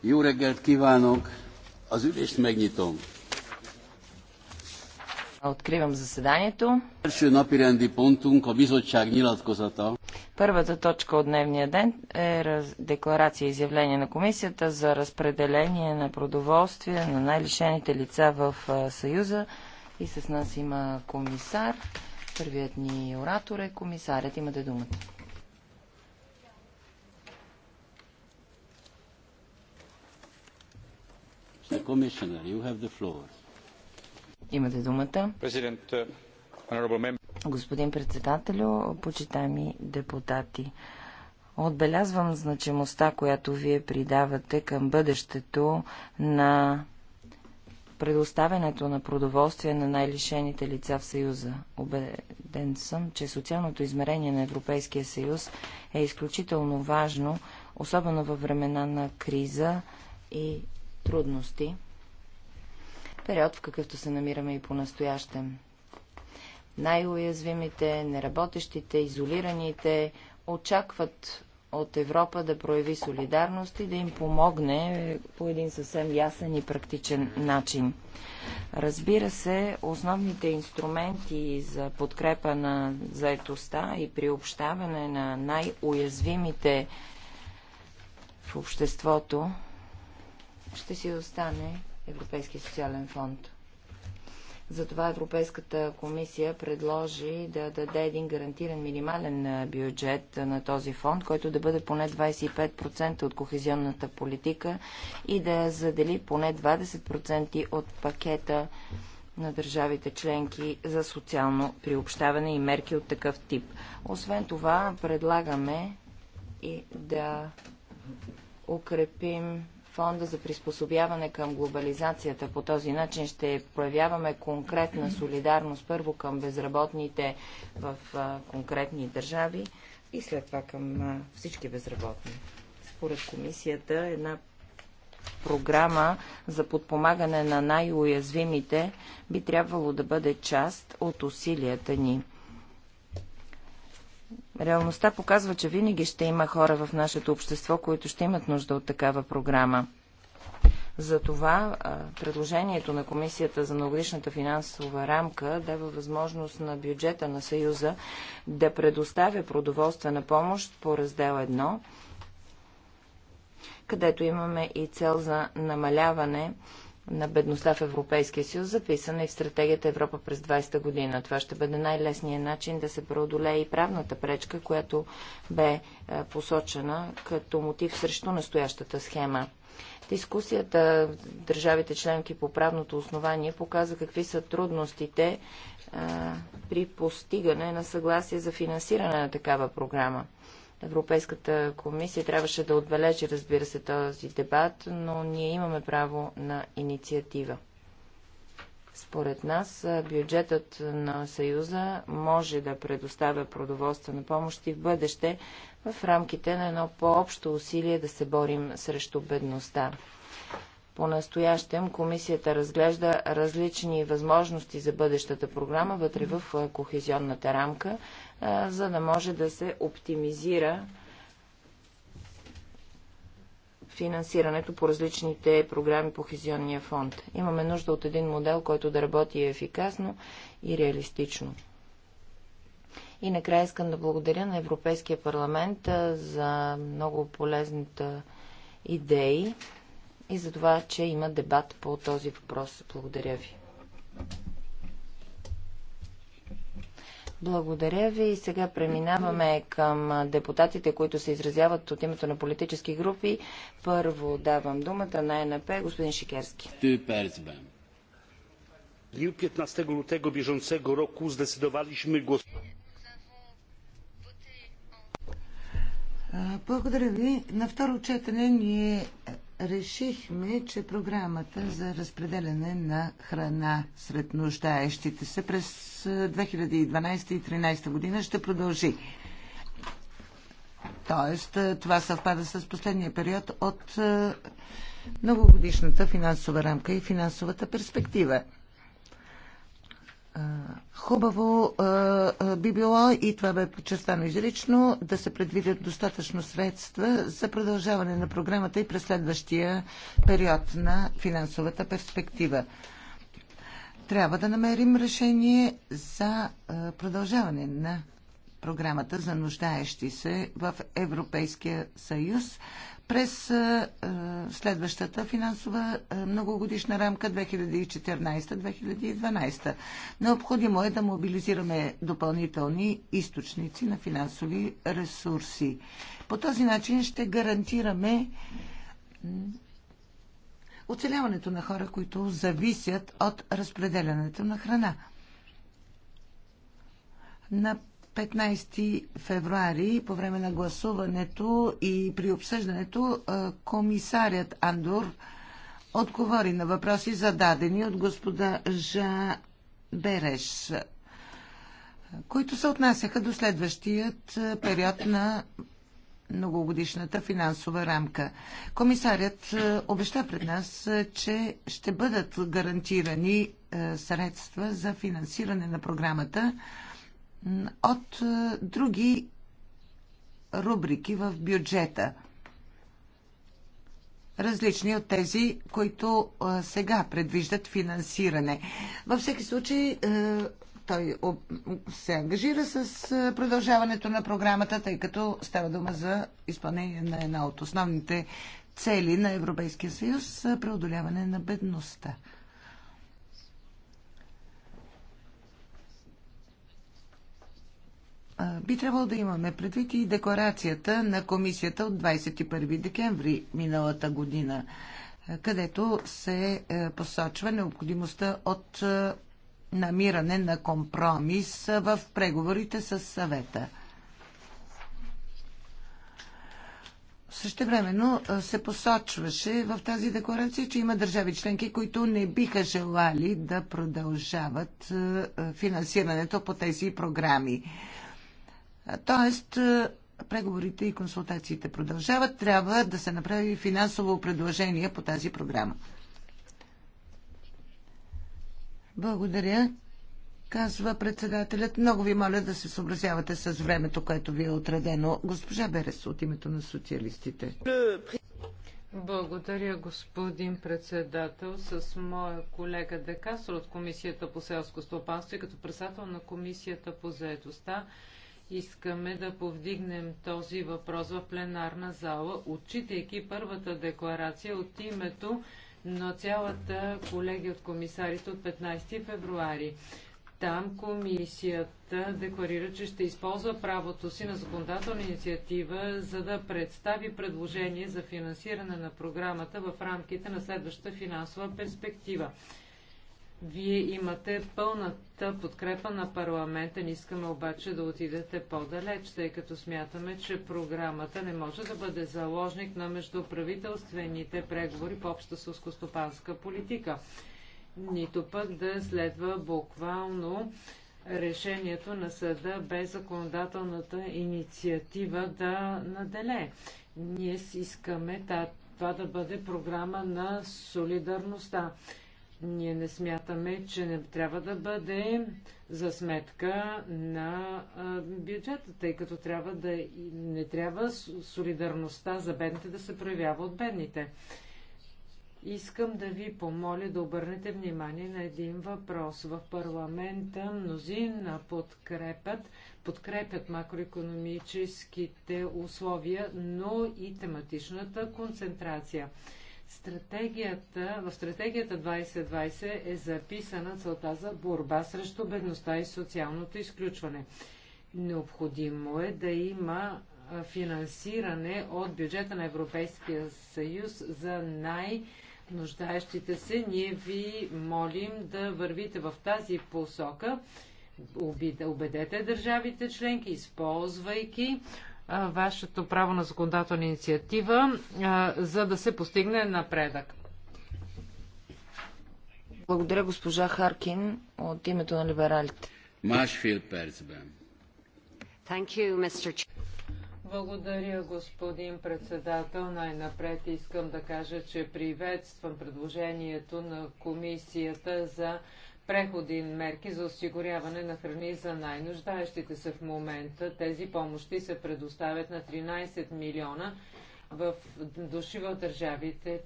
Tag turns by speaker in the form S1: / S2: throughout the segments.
S1: Jó reggelt kívánok! Az ülést megnyitom.
S2: Откривам заседанието. Първата точка от дневния ден е декларация и изявление на комисията за разпределение на продоволствие на най-лишените лица в Съюза. И с нас има комисар. Първият ни оратор е комисарят. Имате думата. Имате думата. Господин председателю, почитаеми депутати, отбелязвам значимостта, която вие придавате към бъдещето на предоставянето на продоволствие на най-лишените лица в Съюза. Обеден съм, че социалното измерение на Европейския съюз е изключително важно, особено във времена на криза и трудности, период в какъвто се намираме и по-настоящем. Най-уязвимите, неработещите, изолираните очакват от Европа да прояви солидарност и да им помогне по един съвсем ясен и практичен начин. Разбира се, основните инструменти за подкрепа на заетостта и приобщаване на най-уязвимите в обществото ще си остане Европейския социален фонд. Затова Европейската комисия предложи да даде един гарантиран минимален бюджет на този фонд, който да бъде поне 25% от кохезионната политика и да задели поне 20% от пакета на държавите членки за социално приобщаване и мерки от такъв тип. Освен това, предлагаме и да укрепим фонда за приспособяване към глобализацията. По този начин ще проявяваме конкретна солидарност първо към безработните в конкретни държави и след това към всички безработни. Според комисията една програма за подпомагане на най-уязвимите би трябвало да бъде част от усилията ни – Реалността показва, че винаги ще има хора в нашето общество, които ще имат нужда от такава програма. Затова предложението на Комисията за многогодишната финансова рамка дава възможност на бюджета на Съюза да предоставя продоволствена помощ по раздел 1, където имаме и цел за намаляване на бедността в Европейския съюз, записана и в стратегията Европа през 20-та година. Това ще бъде най-лесният начин да се преодолее и правната пречка, която бе е, посочена като мотив срещу настоящата схема. Дискусията в държавите членки по правното основание показа какви са трудностите а, е, при постигане на съгласие за финансиране на такава програма. Европейската комисия трябваше да отбележи, разбира се, този дебат, но ние имаме право на инициатива. Според нас бюджетът на Съюза може да предоставя продоволствена помощ и в бъдеще в рамките на едно по-общо усилие да се борим срещу бедността. По-настоящем комисията разглежда различни възможности за бъдещата програма вътре в кохезионната рамка, за да може да се оптимизира финансирането по различните програми по хизионния фонд. Имаме нужда от един модел, който да работи ефикасно и реалистично. И накрая искам да благодаря на Европейския парламент за много полезната идеи и за това, че има дебат по този въпрос. Благодаря ви. Благодаря ви. Сега преминаваме към депутатите, които се изразяват от името на политически групи. Първо давам думата на ЕНП, господин Шикерски.
S1: 15 lutego bieżącego roku zdecydowaliśmy głosować.
S3: Благодаря ви. На второ четене ние решихме, че програмата за разпределяне на храна сред нуждаещите се през 2012 и 2013 година ще продължи. Тоест, това съвпада с последния период от многогодишната финансова рамка и финансовата перспектива. Хубаво би било, и това бе подчертано изрично, да се предвидят достатъчно средства за продължаване на програмата и през следващия период на финансовата перспектива. Трябва да намерим решение за продължаване на програмата за нуждаещи се в Европейския съюз през е, е, следващата финансова е, многогодишна рамка 2014-2012. Необходимо е да мобилизираме допълнителни източници на финансови ресурси. По този начин ще гарантираме оцеляването на хора, които зависят от разпределянето на храна. На 15 февруари по време на гласуването и при обсъждането комисарят Андор отговори на въпроси зададени от господа Жа Береш, които се отнасяха до следващият период на многогодишната финансова рамка. Комисарят обеща пред нас, че ще бъдат гарантирани средства за финансиране на програмата от е, други рубрики в бюджета, различни от тези, които е, сега предвиждат финансиране. Във всеки случай, е, той се ангажира с продължаването на програмата, тъй като става дума за изпълнение на една от основните цели на Европейския съюз преодоляване на бедността. Би трябвало да имаме предвид и декларацията на комисията от 21 декември миналата година, където се е, посочва необходимостта от е, намиране на компромис е, в преговорите с съвета. времено се посочваше в тази декларация, че има държави членки, които не биха желали да продължават финансирането по тези програми. Тоест, е, преговорите и консултациите продължават. Трябва да се направи финансово предложение по тази програма. Благодаря, казва председателят. Много ви моля да се съобразявате с времето, което ви е отредено. Госпожа Берес от името на социалистите.
S4: Благодаря, господин председател. С моя колега Декасор от Комисията по селско стопанство и като председател на Комисията по заедостта искаме да повдигнем този въпрос в пленарна зала, отчитайки първата декларация от името на цялата колегия от комисарите от 15 февруари. Там комисията декларира, че ще използва правото си на законодателна инициатива, за да представи предложение за финансиране на програмата в рамките на следващата финансова перспектива. Вие имате пълната подкрепа на парламента. Не искаме обаче да отидете по-далеч, тъй като смятаме, че програмата не може да бъде заложник на междуправителствените преговори по обща сълскостопанска политика. Нито пък да следва буквално решението на съда без законодателната инициатива да наделе. Ние искаме това да бъде програма на солидарността. Ние не смятаме, че не трябва да бъде за сметка на бюджета, тъй като трябва да, не трябва солидарността за бедните да се проявява от бедните. Искам да ви помоля да обърнете внимание на един въпрос. В парламента мнозина подкрепят, подкрепят макроекономическите условия, но и тематичната концентрация. Стратегията, в стратегията 2020 е записана целта за борба срещу бедността и социалното изключване. Необходимо е да има финансиране от бюджета на Европейския съюз за най- нуждаещите се. Ние ви молим да вървите в тази посока. Убедете държавите членки, използвайки вашето право на законодателна инициатива, за да се постигне напредък.
S2: Благодаря госпожа Харкин от името на либералите.
S4: Благодаря, господин председател. Най-напред искам да кажа, че приветствам предложението на комисията за и мерки за осигуряване на храни за най-нуждаещите се в момента. Тези помощи се предоставят на 13 милиона в души в държавите,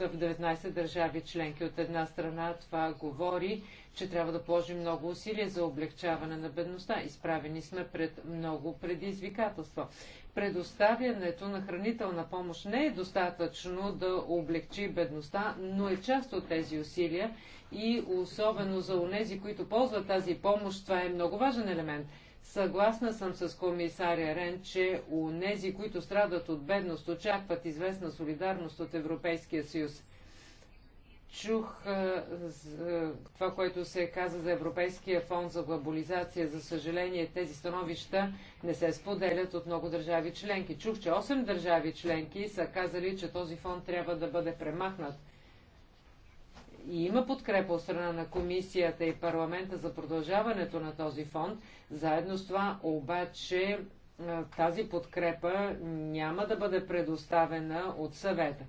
S4: в 19 държави членки. От една страна това говори, че трябва да положим много усилия за облегчаване на бедността. Изправени сме пред много предизвикателства. Предоставянето на хранителна помощ не е достатъчно да облегчи бедността, но е част от тези усилия и особено за онези, които ползват тази помощ, това е много важен елемент. Съгласна съм с комисаря Рен, че унези, които страдат от бедност, очакват известна солидарност от Европейския съюз чух а, за, това, което се каза за Европейския фонд за глобализация. За съжаление, тези становища не се споделят от много държави членки. Чух, че 8 държави членки са казали, че този фонд трябва да бъде премахнат. И има подкрепа от страна на комисията и парламента за продължаването на този фонд. Заедно с това обаче тази подкрепа няма да бъде предоставена от съвета.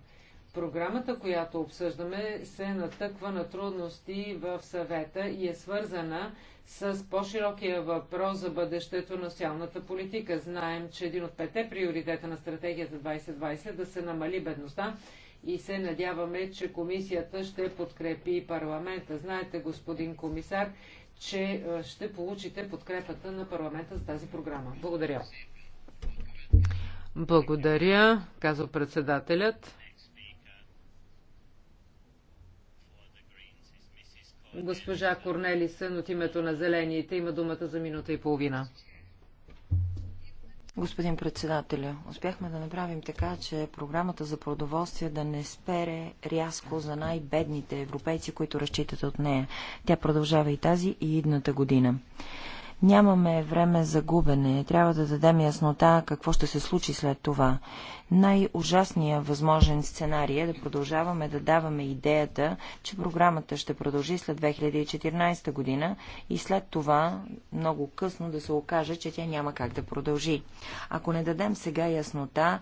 S4: Програмата, която обсъждаме, се натъква на трудности в съвета и е свързана с по-широкия въпрос за бъдещето на социалната политика. Знаем, че един от пете приоритета на стратегията 2020 е да се намали бедността и се надяваме, че комисията ще подкрепи парламента. Знаете, господин комисар, че ще получите подкрепата на парламента за тази програма. Благодаря. Благодаря, казва председателят. Госпожа Корнелисън от името на Зелените има думата за минута и половина.
S2: Господин председателя, успяхме да направим така, че програмата за продоволствие да не спере рязко за най-бедните европейци, които разчитат от нея. Тя продължава и тази и идната година. Нямаме време за губене. Трябва да дадем яснота какво ще се случи след това. Най-ужасният възможен сценарий е да продължаваме да даваме идеята, че програмата ще продължи след 2014 година и след това много късно да се окаже, че тя няма как да продължи. Ако не дадем сега яснота,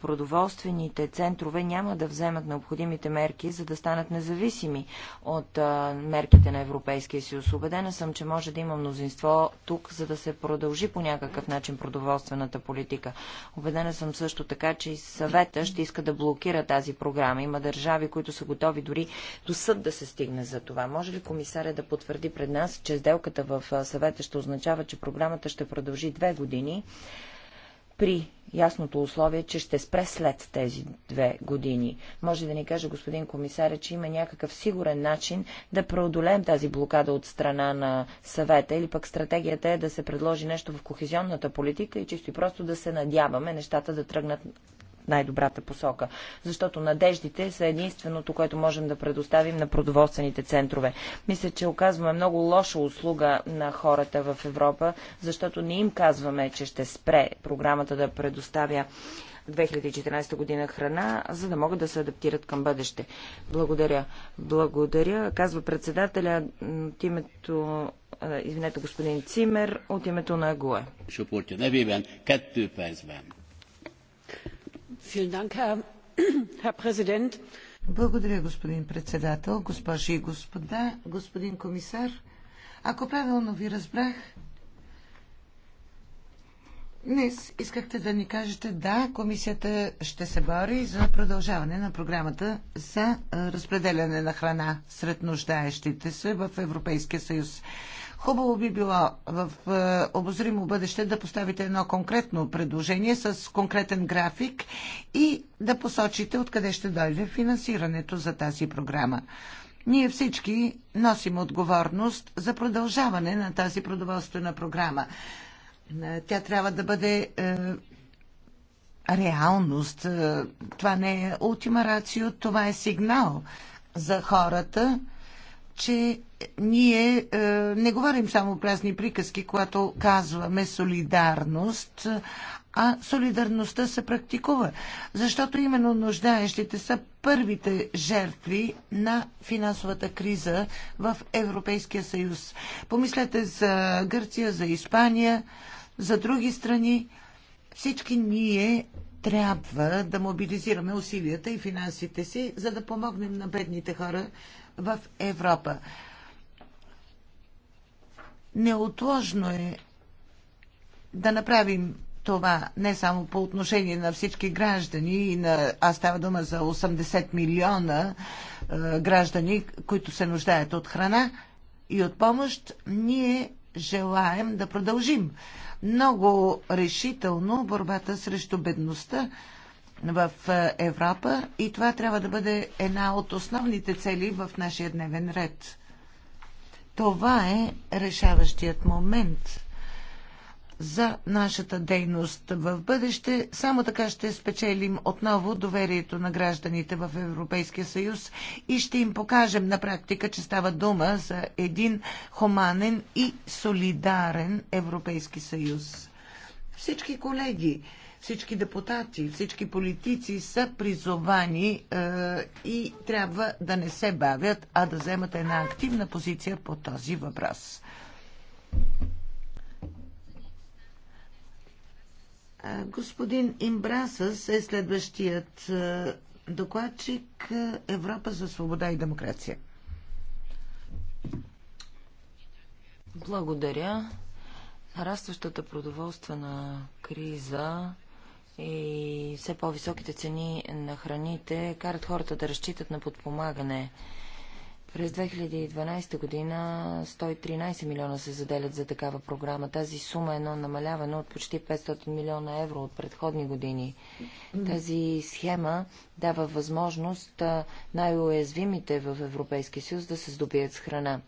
S2: продоволствените центрове няма да вземат необходимите мерки, за да станат независими от мерките на Европейския съюз. Убедена съм, че може да има мнозинство тук, за да се продължи по някакъв начин продоволствената политика. Обедена съм също така, че и съвета ще иска да блокира тази програма. Има държави, които са готови дори до съд да се стигне за това. Може ли комисаря да потвърди пред нас, че сделката в съвета ще означава, че програмата ще продължи две години при ясното условие, че ще спре след тези две години. Може да ни каже господин комисаря, че има някакъв сигурен начин да преодолеем тази блокада от страна на съвета или пък стратегията е да се предложи нещо в кохезионната политика и чисто и просто да се надяваме нещата да тръгнат най-добрата посока. Защото надеждите са единственото, което можем да предоставим на продоволствените центрове. Мисля, че оказваме много лоша услуга на хората в Европа, защото не им казваме, че ще спре програмата да предоставя 2014 година храна, за да могат да се адаптират към бъдеще. Благодаря. Благодаря, казва председателя от името, извинете, господин Цимер, от името на ГУЕ.
S3: Благодаря, господин председател, госпожи и господа, господин комисар. Ако правилно ви разбрах, Днес искахте да ни кажете да, комисията ще се бори за продължаване на програмата за разпределяне на храна сред нуждаещите се в Европейския съюз. Хубаво би било в обозримо бъдеще да поставите едно конкретно предложение с конкретен график и да посочите откъде ще дойде финансирането за тази програма. Ние всички носим отговорност за продължаване на тази продоволствена програма. Е, тя трябва да бъде е, реалност. Е, това не е ултима рацио, това е сигнал за хората, че ние е, не говорим само празни приказки, когато казваме солидарност, а солидарността се практикува. Защото именно нуждаещите са първите жертви на финансовата криза в Европейския съюз. Помислете за Гърция, за Испания за други страни. Всички ние трябва да мобилизираме усилията и финансите си, за да помогнем на бедните хора в Европа. Неотложно е да направим това не само по отношение на всички граждани, и на, аз става дума за 80 милиона е, граждани, които се нуждаят от храна и от помощ, ние желаем да продължим много решително борбата срещу бедността в е, Европа и това трябва да бъде една от основните цели в нашия дневен ред. Това е решаващият момент за нашата дейност в бъдеще. Само така ще спечелим отново доверието на гражданите в Европейския съюз и ще им покажем на практика, че става дума за един хуманен и солидарен Европейски съюз. Всички колеги, всички депутати, всички политици са призовани е, и трябва да не се бавят, а да вземат една активна позиция по този въпрос. Господин Имбрасъс е следващият докладчик Европа за свобода и демокрация.
S2: Благодаря. Нарастващата продоволствена криза и все по-високите цени на храните карат хората да разчитат на подпомагане. През 2012 година 113 милиона се заделят за такава програма. Тази сума е едно намаляване от почти 500 милиона евро от предходни години. Тази схема дава възможност най-уязвимите в Европейския съюз да се здобият с храна.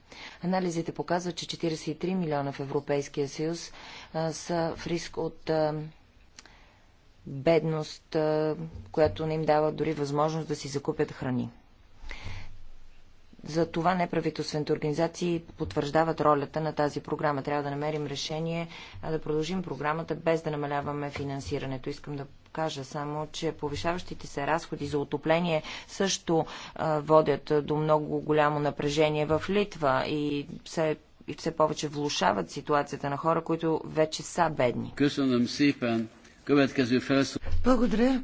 S2: Анализите показват, че 43 милиона в Европейския съюз са в риск от бедност, която не им дава дори възможност да си закупят храни. За това неправителствените организации потвърждават ролята на тази програма. Трябва да намерим решение да продължим програмата без да намаляваме финансирането. Искам да кажа само, че повишаващите се разходи за отопление също а, водят до много голямо напрежение в Литва и все и все повече влушават ситуацията на хора, които вече са бедни. Благодаря.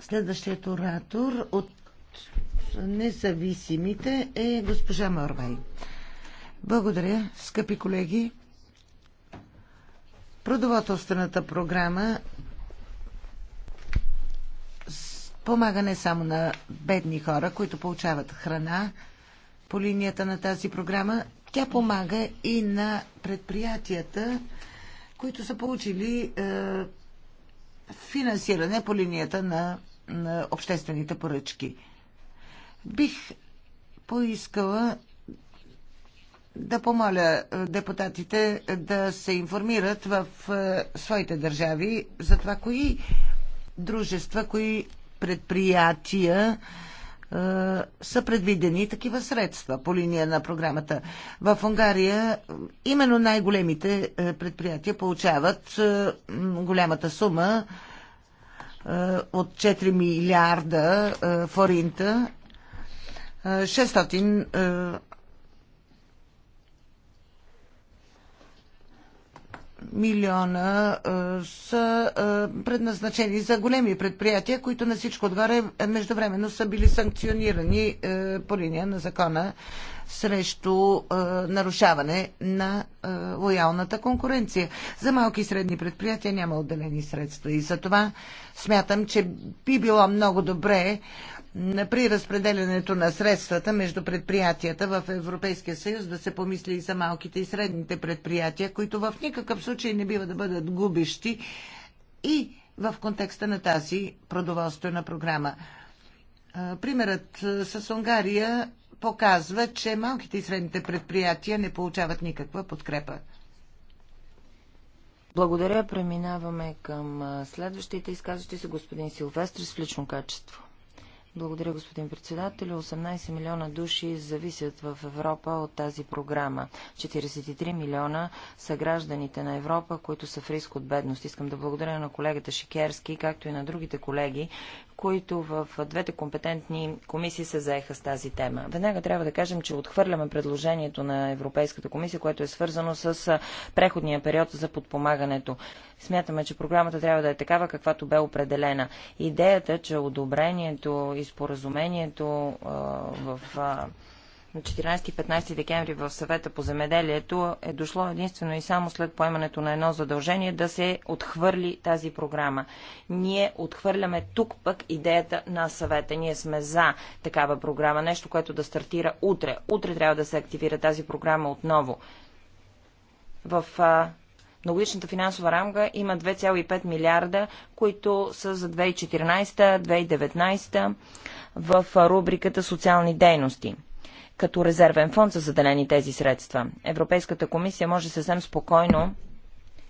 S2: Следващият оратор от
S3: независимите е госпожа Морвай. Благодаря, скъпи колеги. Продоволствената програма помага не само на бедни хора, които получават храна по линията на тази програма, тя помага и на предприятията, които са получили е, финансиране по линията на, на обществените поръчки. Бих поискала да помоля е, депутатите да се информират в е, своите държави за това кои дружества, кои предприятия е, са предвидени такива средства по линия на програмата. В Унгария именно най-големите предприятия получават голямата сума от 4 милиарда форинта 600 е, милиона е, са е, предназначени за големи предприятия, които на всичко отгоре междувременно са били санкционирани по линия на закона срещу нарушаване на лоялната конкуренция. За малки и средни предприятия няма отделени средства и за това смятам, че би било много добре при разпределянето на средствата между предприятията в Европейския съюз да се помисли и за малките и средните предприятия, които в никакъв случай не бива да бъдат губещи и в контекста на тази продоволствена програма. Примерът с Унгария показва, че малките и средните предприятия не получават никаква
S2: подкрепа. Благодаря. Преминаваме към следващите изказващи се господин Силвестр с лично качество. Благодаря, господин председател. 18 милиона души зависят в Европа от тази програма. 43 милиона са гражданите на Европа, които са в риск от бедност. Искам да благодаря на колегата Шикерски, както и на другите колеги, които в двете компетентни комисии се заеха с тази тема. Веднага трябва да кажем, че отхвърляме предложението на Европейската комисия, което е свързано с преходния период за подпомагането. Смятаме, че програмата трябва да е такава, каквато бе определена. Идеята, че одобрението и споразумението в на 14-15 декември в съвета по земеделието е дошло единствено и само след поемането на едно задължение да се отхвърли тази програма. Ние отхвърляме тук пък идеята на съвета. Ние сме за такава програма, нещо, което да стартира утре. Утре трябва да се активира тази програма отново. В Многогодишната финансова рамка има 2,5 милиарда, които са за 2014-2019 в рубриката социални дейности като резервен фонд са заделени тези средства. Европейската комисия може съвсем спокойно,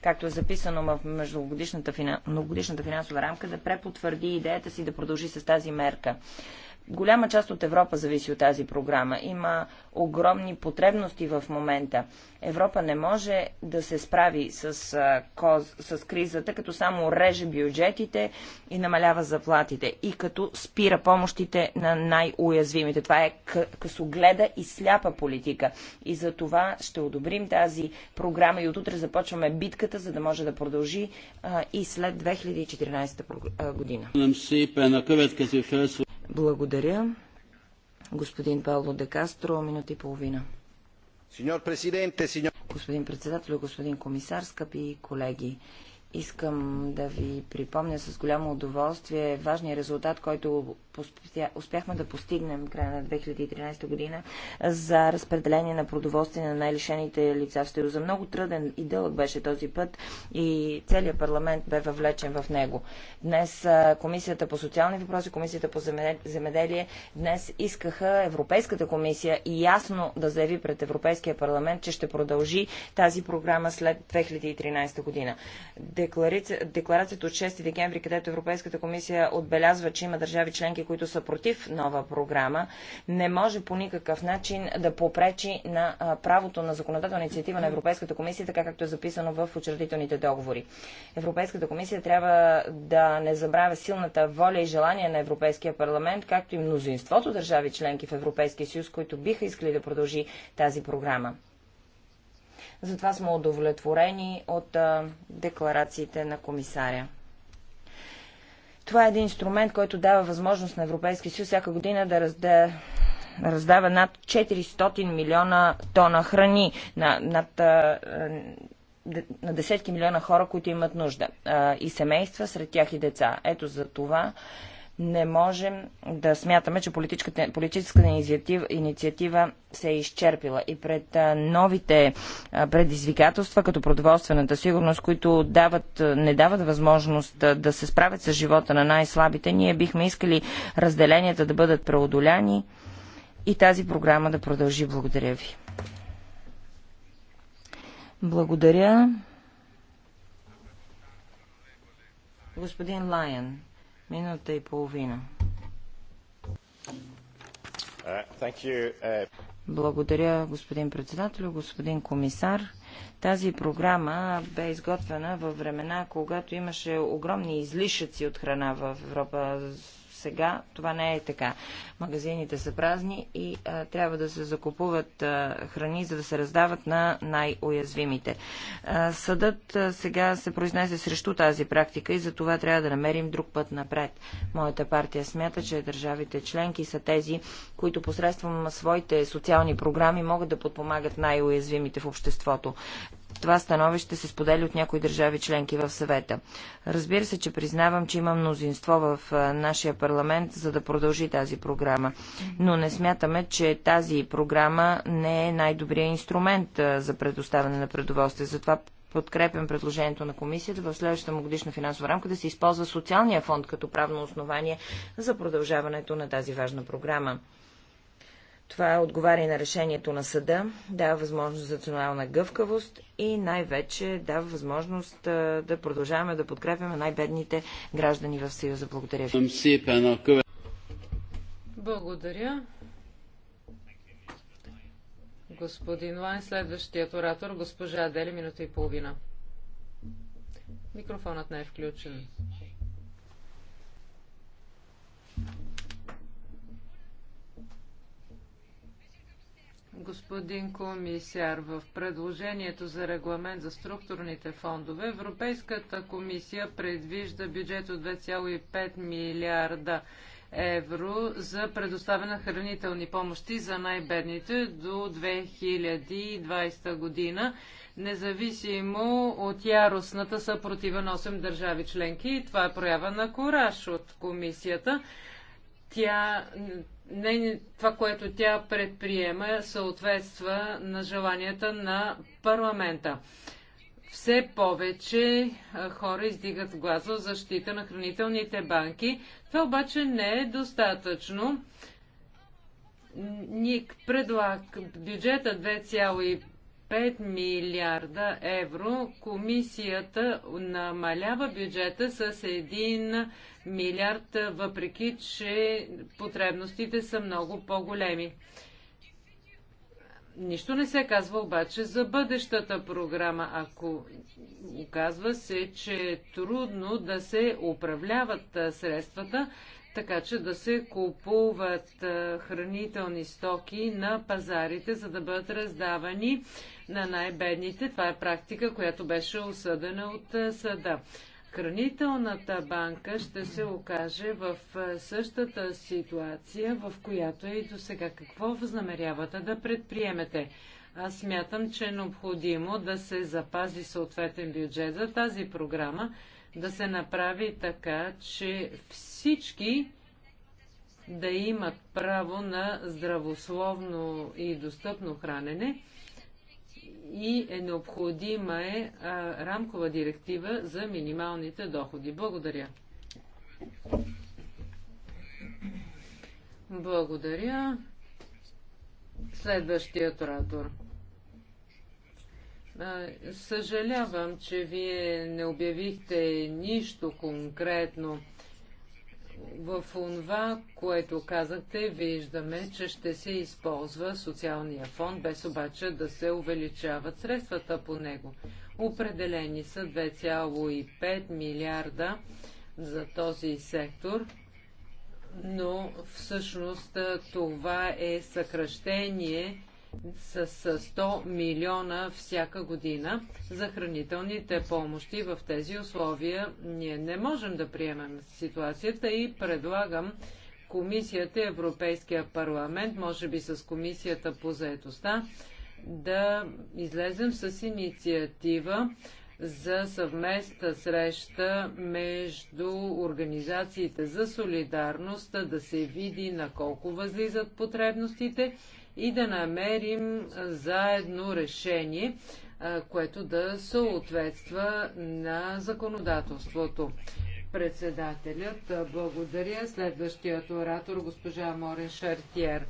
S2: както е записано в междугодишната, финансова рамка, да препотвърди идеята си да продължи с тази мерка. Голяма част от Европа зависи от тази програма. Има огромни потребности в момента. Европа не може да се справи с, а, коз, с кризата, като само реже бюджетите и намалява заплатите и като спира помощите на най-уязвимите. Това е късогледа и сляпа политика. И за това ще одобрим тази програма и отутре започваме битката, за да може да продължи а, и след 2014 година. Благодаря. Господин Павло Де Кастро, минута и половина.
S1: Синьор президенте, синьор...
S2: Господин председател, господин комисар, скъпи колеги, искам да ви припомня с голямо удоволствие важния резултат, който успяхме да постигнем края на 2013 година за разпределение на продоволствие на най-лишените лица в за Много труден и дълъг беше този път и целият парламент бе въвлечен в него. Днес Комисията по социални въпроси, Комисията по земеделие, днес искаха Европейската комисия и ясно да заяви пред Европейския парламент, че ще продължи тази програма след 2013 година. Декларацията от 6 декември, където Европейската комисия отбелязва, че има държави членки, партии, които са против нова програма, не може по никакъв начин да попречи на правото на законодателна инициатива на Европейската комисия, така както е записано в учредителните договори. Европейската комисия трябва да не забравя силната воля и желание на Европейския парламент, както и мнозинството държави членки в Европейския съюз, които биха искали да продължи тази програма. Затова сме удовлетворени от а, декларациите на комисаря. Това е един инструмент, който дава възможност на Европейския съюз всяка година да разда раздава над 400 милиона тона храни на, над, на десетки милиона хора, които имат нужда. И семейства, сред тях и деца. Ето за това не можем да смятаме, че политическата, политическата инициатива, инициатива се е изчерпила. И пред новите предизвикателства, като продоволствената сигурност, които дават, не дават възможност да се справят с живота на най-слабите, ние бихме искали разделенията да бъдат преодоляни и тази програма да продължи. Благодаря ви. Благодаря. Господин Лайен. Минута и половина.
S4: Uh, uh,
S2: Благодаря, господин председател, господин комисар. Тази програма бе изготвена във времена, когато имаше огромни излишъци от храна в Европа. Сега това не е така. Магазините са празни и а, трябва да се закупуват а, храни, за да се раздават на най-уязвимите. съдът а, сега се произнесе срещу тази практика и за това трябва да намерим друг път напред. Моята партия смята, че държавите членки са тези, които посредством своите социални програми могат да подпомагат най-уязвимите в обществото. Това становище се споделя от някои държави членки в съвета. Разбира се, че признавам, че има мнозинство в нашия парламент, за да продължи тази програма. Но не смятаме, че тази програма не е най-добрият инструмент за предоставяне на предоволствие. Затова подкрепям предложението на комисията в следващата му годишна финансова рамка да се използва социалния фонд като правно основание за продължаването на тази важна програма. Това отговаря и на решението на съда, дава възможност за национална гъвкавост и най-вече дава възможност да продължаваме да подкрепяме най-бедните граждани в Съюза. Благодаря
S1: ви.
S4: Благодаря. Господин Лайн, следващият оратор, госпожа Адели, минута и половина. Микрофонът не е включен. Господин комисар, в предложението за регламент за структурните фондове Европейската комисия предвижда бюджет от 2,5 милиарда евро за предоставяне на хранителни помощи за най-бедните до 2020 година, независимо от яростната съпротива на 8 държави членки. И това е проява на кураж от комисията. Тя това, което тя предприема, съответства на желанията на парламента. Все повече хора издигат глас за защита на хранителните банки. Това обаче не е достатъчно. Ник предлага бюджета 2,5 5 милиарда евро, комисията намалява бюджета с 1 милиард, въпреки че потребностите са много по-големи. Нищо не се казва обаче за бъдещата програма, ако оказва се, че е трудно да се управляват средствата, така че да се купуват хранителни стоки на пазарите, за да бъдат раздавани на най-бедните. Това е практика, която беше осъдена от съда. Хранителната банка ще се окаже в същата ситуация, в която е и до сега. Какво възнамерявате да предприемете? Аз смятам, че е необходимо да се запази съответен бюджет за тази програма, да се направи така, че всички да имат право на здравословно и достъпно хранене и е необходима е а, рамкова директива за минималните доходи. Благодаря. Благодаря. Следващият оратор. Съжалявам, че вие не обявихте нищо конкретно в това, което казахте, виждаме, че ще се използва социалния фонд, без обаче да се увеличават средствата по него. Определени са 2,5 милиарда за този сектор, но всъщност това е съкръщение с 100 милиона всяка година за хранителните помощи в тези условия. Ние не можем да приемем ситуацията и предлагам Комисията, Европейския парламент, може би с Комисията по заедостта, да излезем с инициатива за съвместна среща между организациите за солидарност, да се види на колко възлизат потребностите и да намерим заедно решение, което да съответства на законодателството. Председателят, благодаря. Следващият оратор, госпожа Морен Шартиер.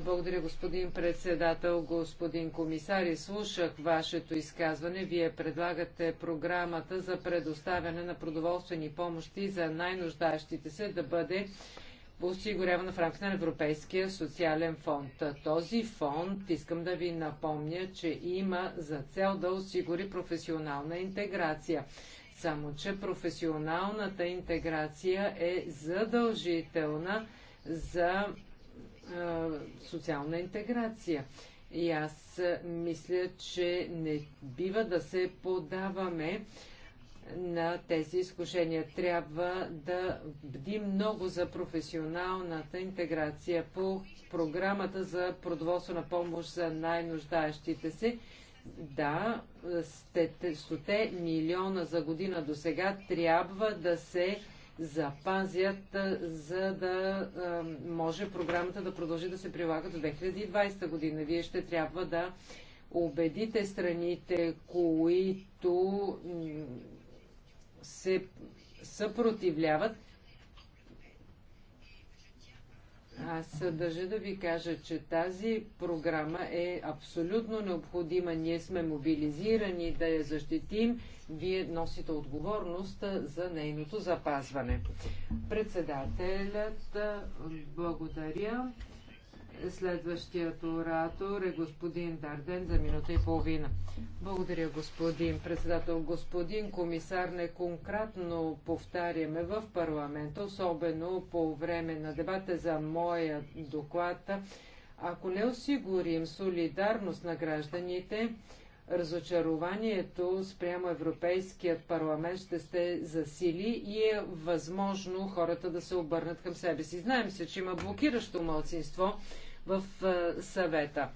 S4: Благодаря, господин председател, господин комисар. слушах вашето изказване. Вие предлагате програмата за предоставяне на продоволствени помощи за най-нуждащите се да бъде осигурявана в рамките на Европейския социален фонд. Този фонд, искам да ви напомня, че има за цел да осигури професионална интеграция. Само, че професионалната интеграция е задължителна за е, социална интеграция. И аз мисля, че не бива да се подаваме на тези изкушения. Трябва да бдим много за професионалната интеграция по програмата за продоволство на помощ за най-нуждаещите се. Да, стоте милиона за година до сега трябва да се запазят, за да може програмата да продължи да се прилага до 2020 година. Вие ще трябва да убедите страните, които се съпротивляват. Аз държа да ви кажа, че тази програма е абсолютно необходима. Ние сме мобилизирани да я защитим. Вие носите отговорност за нейното запазване. Председателят, благодаря. Следващият оратор е господин Дарден за минута и половина. Благодаря, господин председател. Господин комисар, неконкретно повтаряме в парламента, особено по време на дебата за моя доклад, ако не осигурим солидарност на гражданите, разочарованието спрямо Европейският парламент ще се засили и е възможно хората да се обърнат към себе си. Знаем се, че има блокиращо мълцинство в съвета.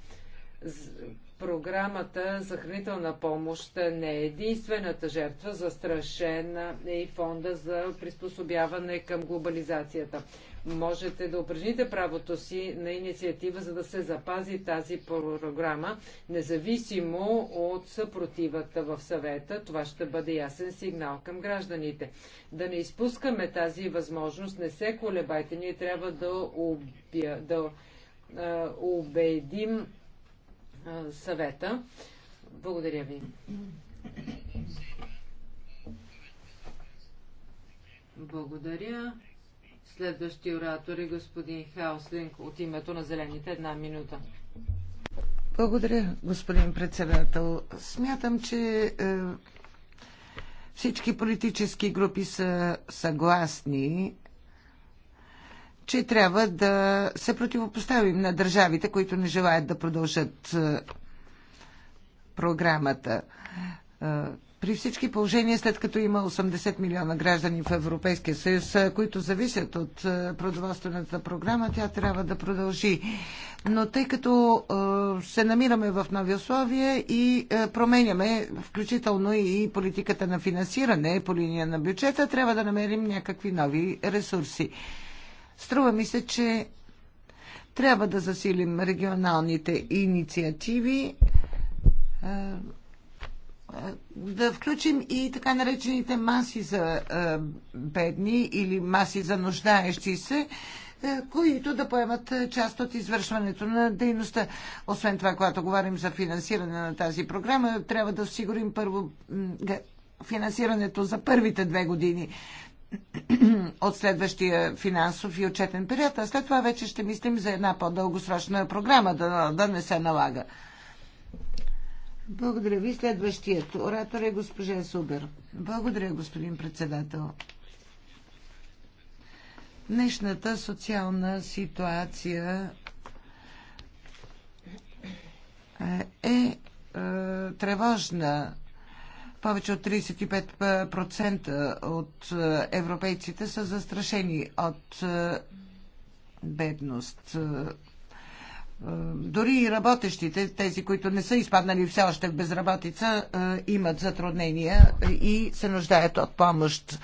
S4: Програмата за хранителна помощ не е единствената жертва, застрашена е и фонда за приспособяване към глобализацията. Можете да упражните правото си на инициатива, за да се запази тази програма, независимо от съпротивата в съвета. Това ще бъде ясен сигнал към гражданите. Да не изпускаме тази възможност, не се колебайте, ние трябва да, обя... да е, убедим е, съвета. Благодаря ви. Благодаря. Следващи оратор е господин Хауслинг от името на Зелените. Една минута.
S3: Благодаря, господин председател. Смятам, че е, всички политически групи са съгласни че трябва да се противопоставим на държавите, които не желаят да продължат е, програмата. Е, при всички положения, след като има 80 милиона граждани в Европейския съюз, е, които зависят от продоволствената програма, тя трябва да продължи. Но тъй като се намираме в нови условия и променяме включително и политиката на финансиране по линия на бюджета, трябва да намерим някакви нови ресурси. Струва ми се, че трябва да засилим регионалните инициативи, е, е, да включим и така наречените маси за е, бедни или маси за нуждаещи се, които да поемат част от извършването на дейността. Освен това, когато говорим за финансиране на тази програма, трябва да осигурим първо финансирането за първите две години. от следващия финансов и отчетен период, а след това вече ще мислим за една по-дългосрочна програма, да, да не се налага. Благодаря ви. Следващият оратор е госпожа Субер. Благодаря, господин председател. Днешната социална ситуация е, е, е тревожна повече от 35% от е, европейците са застрашени от е, бедност. Е, дори и работещите, тези, които не са изпаднали все още в безработица, имат затруднения и се нуждаят от помощ.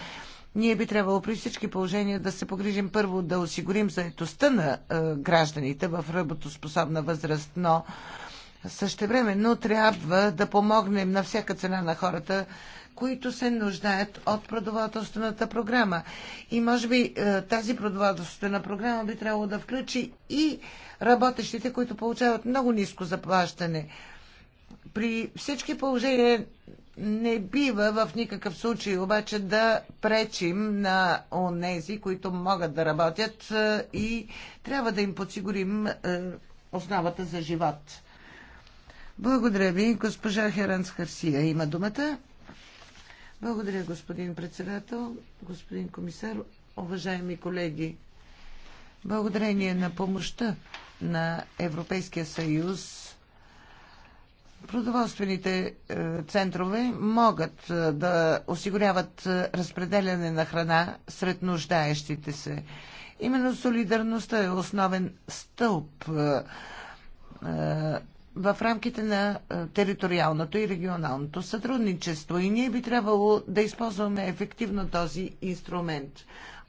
S3: Ние би трябвало при всички положения да се погрижим първо да осигурим заетостта на гражданите в работоспособна възраст, но Същевременно трябва да помогнем на всяка цена на хората, които се нуждаят от продоволствената програма. И може би е, тази продоволствена програма би трябвало да включи и работещите, които получават много ниско заплащане. При всички положения не бива в никакъв случай обаче да пречим на онези, които могат да работят е, и трябва да им подсигурим е, основата за живот. Благодаря ви. Госпожа Херанс Харсия има думата. Благодаря, господин председател, господин комисар, уважаеми колеги. Благодарение на помощта на Европейския съюз продоволствените е, центрове могат е, да осигуряват е, разпределяне на храна сред нуждаещите се. Именно солидарността е основен стълб в рамките на териториалното и регионалното сътрудничество. И ние би трябвало да използваме ефективно този инструмент.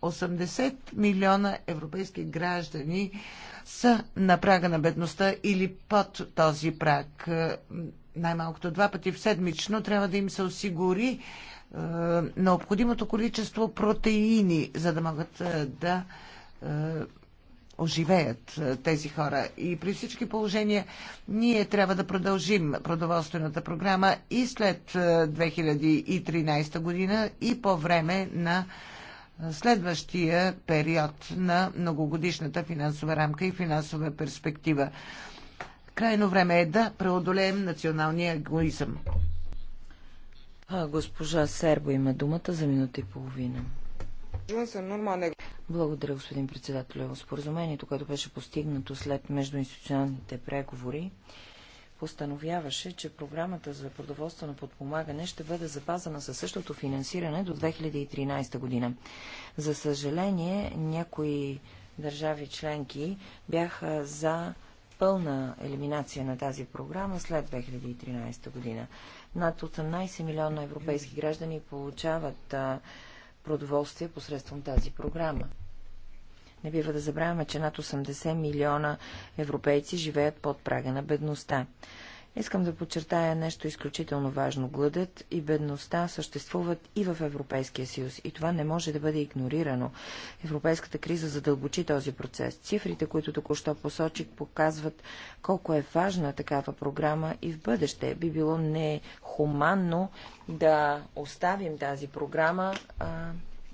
S3: 80 милиона европейски граждани са на прага на бедността или под този праг. Най-малкото два пъти в седмично трябва да им се осигури е, необходимото количество протеини, за да могат е, да е, оживеят е, тези хора. И при всички положения ние трябва да продължим продоволствената програма и след 2013 е, година и по време на е, следващия период на многогодишната финансова рамка и финансова перспектива. Крайно време е да преодолеем националния егоизъм.
S2: А, госпожа Сербо има думата за минута и половина. Благодаря, господин председател. Споразумението, което беше постигнато след междуинституционалните преговори, постановяваше, че програмата за продоволствено подпомагане ще бъде запазена със същото финансиране до 2013 година. За съжаление, някои държави членки бяха за пълна елиминация на тази програма след 2013 година. Над 18 милиона европейски граждани получават а, продоволствие посредством тази програма. Не бива да забравяме, че над 80 милиона европейци живеят под прага на бедността. Искам да подчертая нещо изключително важно. Гладът и бедността съществуват и в Европейския съюз и това не може да бъде игнорирано. Европейската криза задълбочи този процес. Цифрите, които току-що посочих, показват колко е важна такава програма и в бъдеще. Би било нехуманно да оставим тази програма а,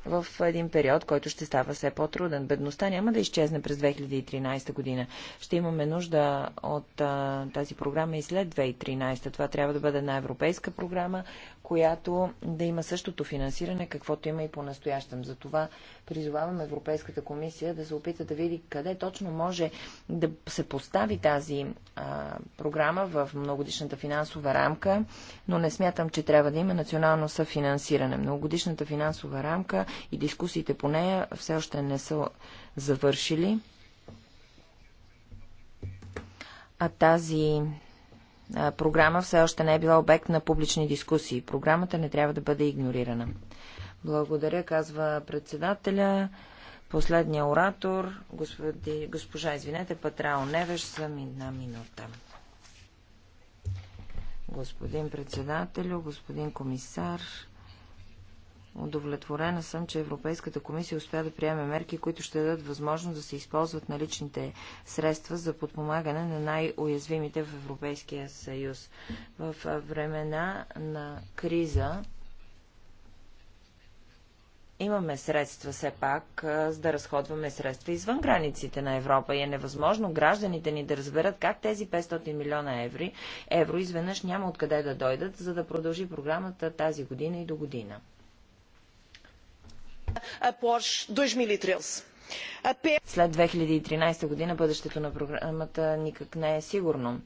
S2: в един период, който ще става все по-труден. Бедността няма да изчезне през 2013 година. Ще имаме нужда от а, тази програма и след 2013. Това трябва да бъде една европейска програма, която да има същото финансиране, каквото има и по-настоящем. Затова призовавам Европейската комисия да се опита да види къде точно може да се постави тази а, програма в многодишната финансова рамка, но не смятам, че трябва да има национално съфинансиране. Многодишната финансова рамка и дискусиите по нея все още не са завършили. А тази а, програма все още не е била обект на публични дискусии. Програмата не трябва да бъде игнорирана. Благодаря, казва председателя. Последния оратор, господи, госпожа, извинете, Патрао Невеш за една минута. Господин председателю, господин комисар, Удовлетворена съм, че Европейската комисия успя да приеме мерки, които ще дадат възможност да се използват наличните средства за подпомагане на най-уязвимите в Европейския съюз. В времена на криза имаме средства все пак за да разходваме средства извън границите на Европа и е невъзможно гражданите ни да разберат как тези 500 милиона евро, евро изведнъж няма откъде да дойдат, за да продължи програмата тази година и до година após 2013. След 2013 година бъдещето на програмата никак не е сигурно.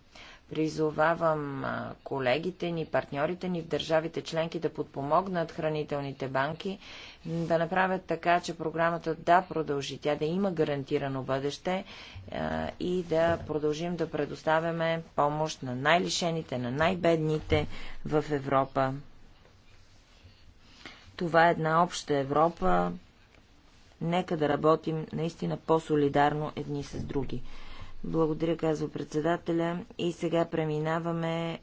S2: Призовавам колегите ни, партньорите ни в държавите членки да подпомогнат хранителните банки, да направят така, че програмата да продължи, тя да има гарантирано бъдеще и да продължим да предоставяме помощ на най-лишените, на най-бедните в Европа. Това е една обща Европа. Нека да работим наистина по-солидарно едни с други. Благодаря, казва председателя. И сега преминаваме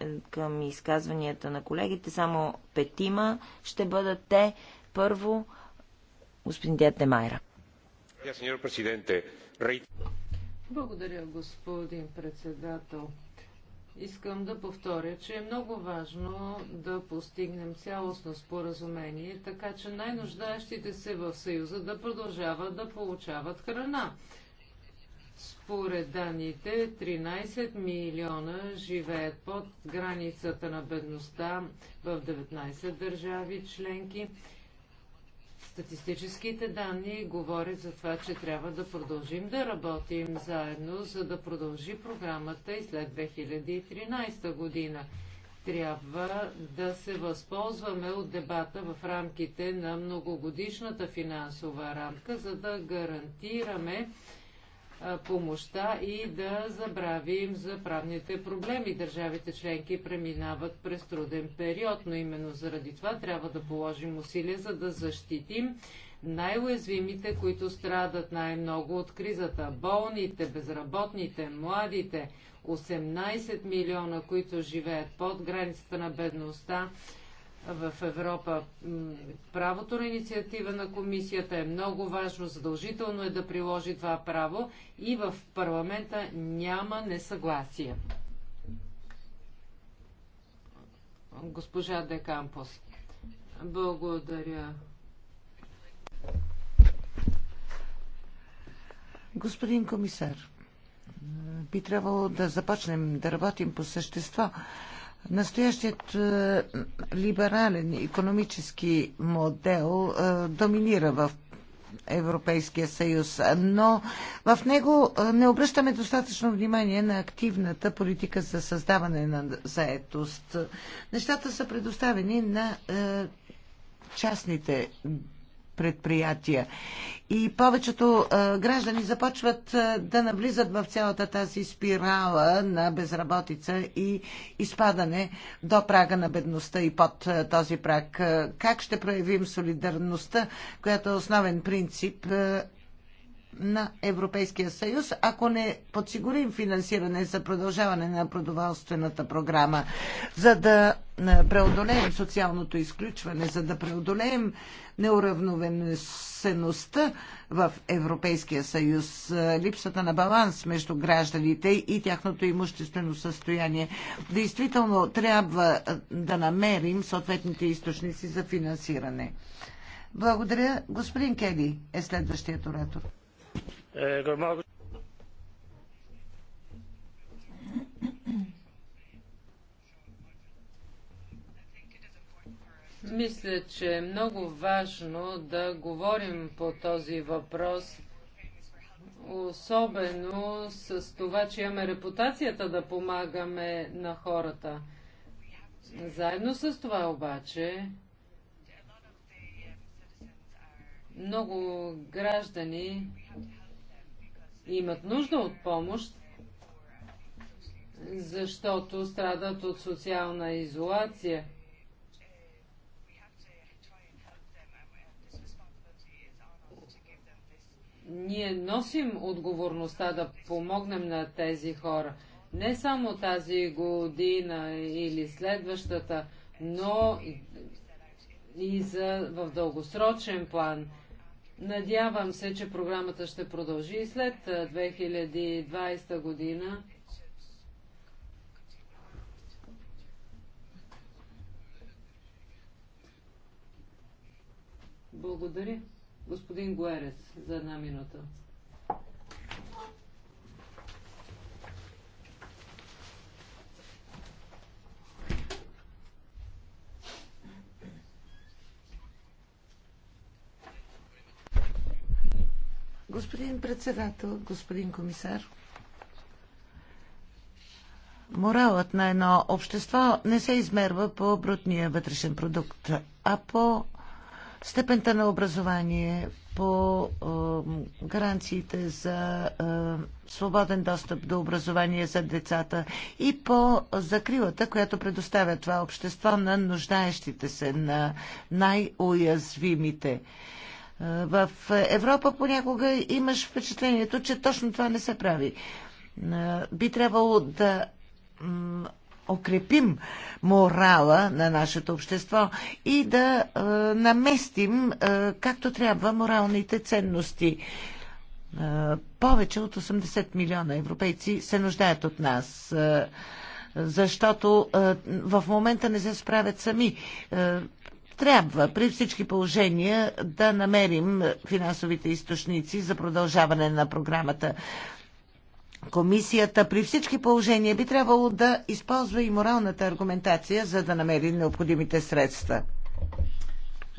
S2: е, към изказванията на колегите. Само петима ще бъдат те. Първо, господин Дяте Майра.
S4: Благодаря, господин председател. Искам да повторя, че е много важно да постигнем цялостно споразумение, така че най-нуждаещите се в Съюза да продължават да получават храна. Според данните, 13 милиона живеят под границата на бедността в 19 държави членки Статистическите данни говорят за това, че трябва да продължим да работим заедно, за да продължи програмата и след 2013 година. Трябва да се възползваме от дебата в рамките на многогодишната финансова рамка, за да гарантираме помощта и да забравим за правните проблеми. Държавите членки преминават през труден период, но именно заради това трябва да положим усилия, за да защитим най-уязвимите, които страдат най-много от кризата. Болните, безработните, младите, 18 милиона, които живеят под границата на бедността, в Европа. Правото на инициатива на комисията е много важно, задължително е да приложи това право и в парламента няма несъгласие. Госпожа Де Кампос. Благодаря.
S3: Господин комисар, би трябвало да започнем да работим по същество. Настоящият е, либерален економически модел е, доминира в Европейския съюз, но в него е, не обръщаме достатъчно внимание на активната политика за създаване на заетост. Нещата са предоставени на частните предприятия. И повечето граждани започват да навлизат в цялата тази спирала на безработица и изпадане до прага на бедността и под този праг. Как ще проявим солидарността, която е основен принцип на Европейския съюз, ако не подсигурим финансиране за продължаване на продоволствената програма, за да е, преодолеем социалното изключване, за да преодолеем неуравновесеността в Европейския съюз, е, липсата на баланс между гражданите и тяхното имуществено състояние. Действително трябва е, да намерим съответните източници за финансиране. Благодаря. Господин Кели е следващият оратор.
S4: Мисля, че е много важно да говорим по този въпрос, особено с това, че имаме репутацията да помагаме на хората. Заедно с това обаче, много граждани имат нужда от помощ, защото страдат от социална изолация. Ние носим отговорността да помогнем на тези хора. Не само тази година или следващата, но и за, в дългосрочен план – Надявам се, че програмата ще продължи и след 2020 година. Благодаря. Господин Гуерес, за една минута.
S3: Господин председател, господин комисар, моралът на едно общество не се измерва по брутния вътрешен продукт, а по степента на образование, по е, гаранциите за е, свободен достъп до образование за децата и по закрилата, която предоставя това общество на нуждаещите се, на най-уязвимите. В Европа понякога имаш впечатлението, че точно това не се прави. Би трябвало да окрепим морала на нашето общество и да наместим както трябва моралните ценности. повече от 80 милиона европейци се нуждаят от нас, защото в момента не се справят сами трябва при всички положения да намерим финансовите източници за продължаване на програмата. Комисията при всички положения би трябвало да използва и моралната аргументация, за да намери необходимите средства.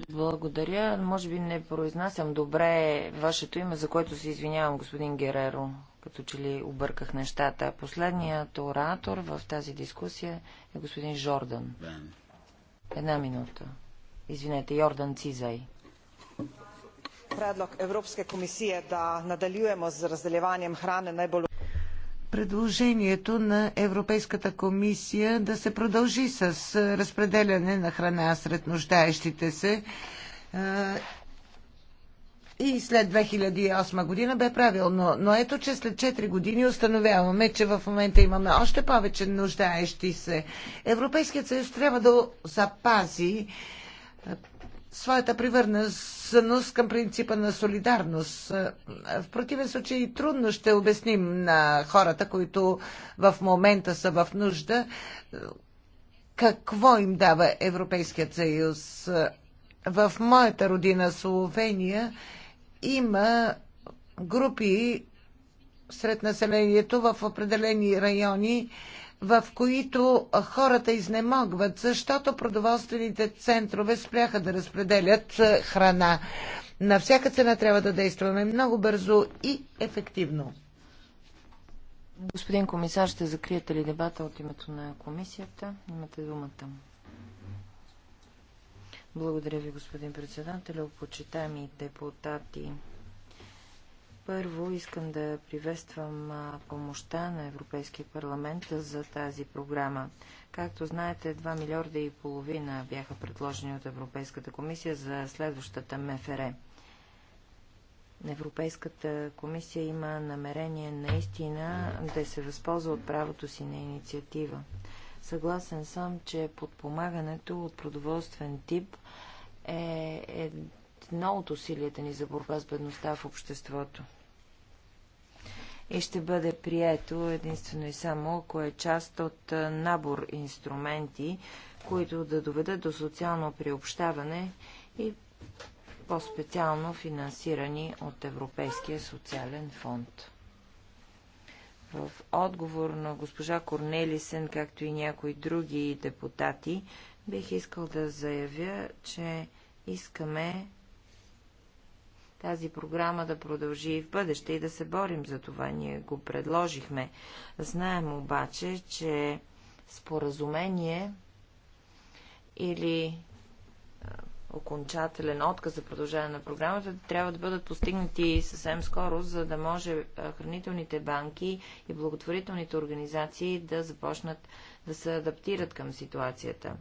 S2: Благодаря. Може би не произнасям добре вашето име, за което се извинявам, господин Гереро, като че ли обърках нещата. Последният оратор в тази дискусия е господин Жордан. Една минута. Извинете, Йордан Цизай. Предлог Европейска комисия да надалюемо с разделяванием хране най-более
S3: предложението на Европейската комисия да се продължи с разпределяне на храна сред нуждаещите се. И след 2008 година бе правилно. Но ето, че след 4 години установяваме, че в момента имаме още повече нуждаещи се. Европейският съюз трябва да запази своята привързаност към принципа на солидарност. В противен случай трудно ще обясним на хората, които в момента са в нужда, какво им дава Европейският съюз. В моята родина Словения има групи сред населението в определени райони, в които хората изнемогват, защото продоволствените центрове спряха да разпределят е, храна. На
S2: всяка цена трябва да действаме много бързо и ефективно. Господин комисар, ще закриете ли дебата от името на комисията? Имате думата. Благодаря ви, господин председател, Почитаеми депутати. Първо искам да приветствам помощта на Европейския парламент за тази програма. Както знаете, 2 милиарда и половина бяха предложени от Европейската комисия за следващата МФР. Европейската комисия има намерение наистина да се възползва от правото си на инициатива. Съгласен съм, че подпомагането от продоволствен тип е, е едно от усилията ни за борба с бедността в обществото. И ще бъде прието единствено и само, ако е част от набор инструменти, които да доведат до социално приобщаване и по-специално финансирани от Европейския социален фонд. В отговор на госпожа Корнелисен, както и някои други депутати, бих искал да заявя, че искаме тази програма да продължи и в бъдеще и да се борим за това. Ние го предложихме. Знаем обаче, че споразумение или е, окончателен отказ за продължаване на програмата трябва да бъдат постигнати съвсем скоро, за да може е, хранителните банки и благотворителните организации да започнат да се адаптират към ситуацията.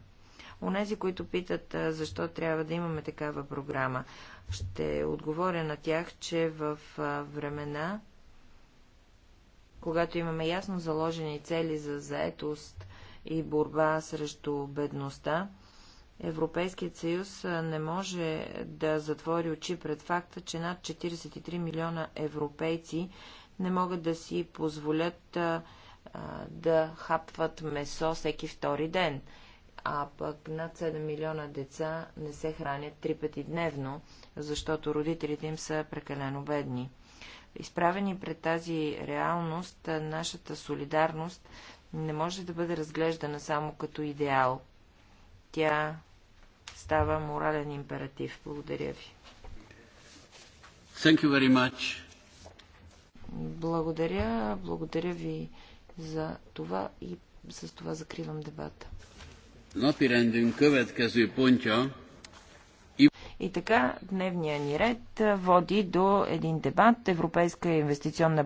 S2: Онези, които питат защо трябва да имаме такава програма, ще отговоря на тях, че в времена, когато имаме ясно заложени цели за заетост и борба срещу бедността, Европейският съюз не може да затвори очи пред факта, че над 43 милиона европейци не могат да си позволят да хапват месо всеки втори ден а пък над 7 милиона деца не се хранят три пъти дневно, защото родителите им са прекалено бедни. Изправени пред тази реалност, нашата солидарност не може да бъде разглеждана само като идеал. Тя става морален императив. Благодаря ви.
S1: Thank you very much.
S2: Благодаря, благодаря ви за това и с това закривам дебата.
S1: Напирендünk következő pontja.
S2: И така дневния ни ред води до един дебат Европейска инвестиционна